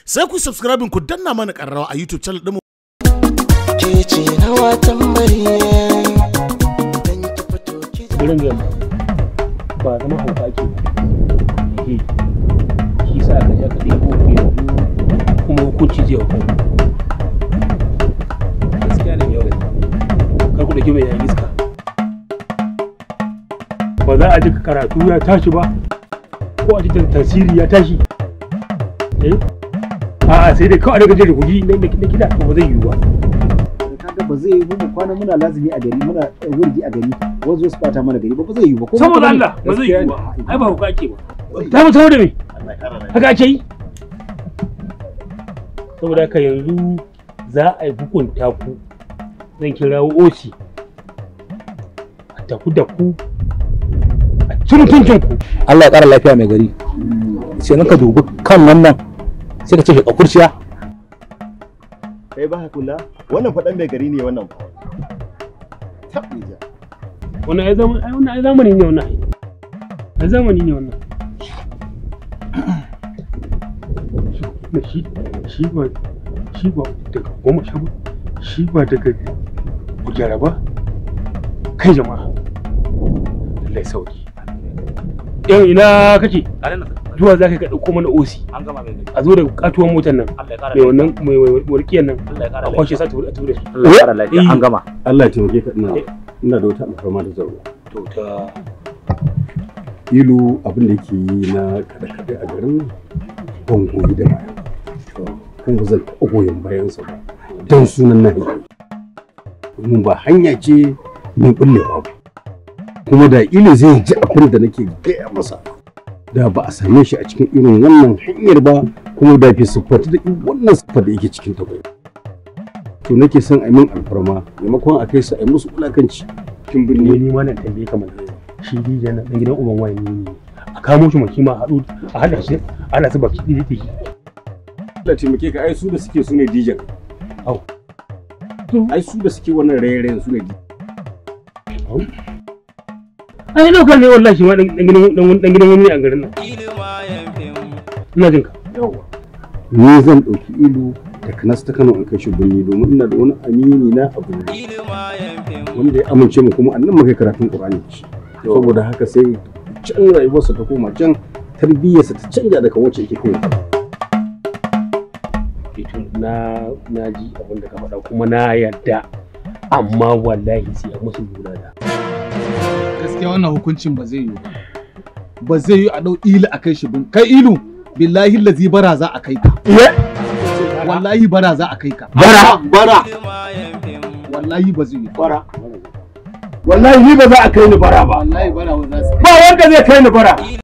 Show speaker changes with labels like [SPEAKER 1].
[SPEAKER 1] sai ku subscribing ku danna mana karrawa a YouTube channel din mu. ce na watan mariya dan
[SPEAKER 2] ki fito ki Gurin yamma ba zama hauka ke Ki ki sa ka ja ka ɗebo ku yanzu kuma ci zai hauka. Gaskiya ne yau da kar ku ɗauki mai yayin iska. Ba za a ji karatu ya tashi ba ko a ji tasiri ya tashi. Eh? a'a sai dai kawai daga jere kuji na ba zai yiwu ba
[SPEAKER 1] ba zai yiwu mu ba zai yiwu ba saboda Allah ba zai yiwu ba
[SPEAKER 2] ai ba ake ba ta mu saboda yanzu za a yi hukunta ku zan kira oci a da a mutuncin ku Allah ya ƙara lafiya mai gari mm. sai ka
[SPEAKER 1] dubi kan wannan sai ka ce shi kurciya kai ba ka
[SPEAKER 2] wannan faɗan mai gari ne wannan wannan ai zamani ai wannan ai zamani ne wannan ai zamani ne wannan shi shi ba shi ba daga goma sha ba shi ba daga kujera ba kai jama'a lallai sauki yan ina kake a nan zuwa za ka ka ɗauko mana osi a zo da katuwan motar nan mai wannan mai warkiyar nan a kwashe sa ta a tura su Allah
[SPEAKER 1] ya lafiya eh. an gama Allah ya taimake ka ina eh. ina da wata alfarma da zaro to ta ilu abin da yake yi na kada-kada a garin ban goyi da baya kuma zan taɓa goyon bayansa ba don sunan na Mun ba hanya ce mun bullewa ba kuma da ilu zai ji abin da nake gaya masa da ba a same shi a cikin irin wannan hanyar ba kuma da fi siffatu da wannan siffar da yake cikin ta to nake son a min alfarma maimakon a kai su a yi musu wulakanci kin birni eh, ni ma na tambaye kamar mana
[SPEAKER 2] shi dijiyar na gidan uban ne a kamo shi a haɗu a haɗa shi ana su baki ɗaya take
[SPEAKER 1] Allah taimake ka ai su da suke su ne dijiyar au ai su da suke wannan raye su ne
[SPEAKER 2] dijiyar ai lokal ne wallahi shi ma dan gidan dan gidan wani a garin nan
[SPEAKER 1] ina jin ni zan dauki ilu da kanas ta Kano an kai shi birni domin ina da wani amini na abu wanda ya amince mu kuma annan muka karatun Qur'ani saboda haka sai can rayuwarsa ta koma can tarbiyyarsa ta canja daga wacce yake koyi
[SPEAKER 2] na na ji abin da ka faɗa kuma na yarda amma wallahi sai a musu lura da
[SPEAKER 1] gaskiya wannan hukuncin ba zai yi ba ba zai yi a dau ilu a kai shi bin kai ilu billahi lazi bara za a kai ka wallahi bara za a kai ka bara bara wallahi ba zai yi bara wallahi ni ba za a kai ni bara ba wallahi bara ba wanda zai kai ni bara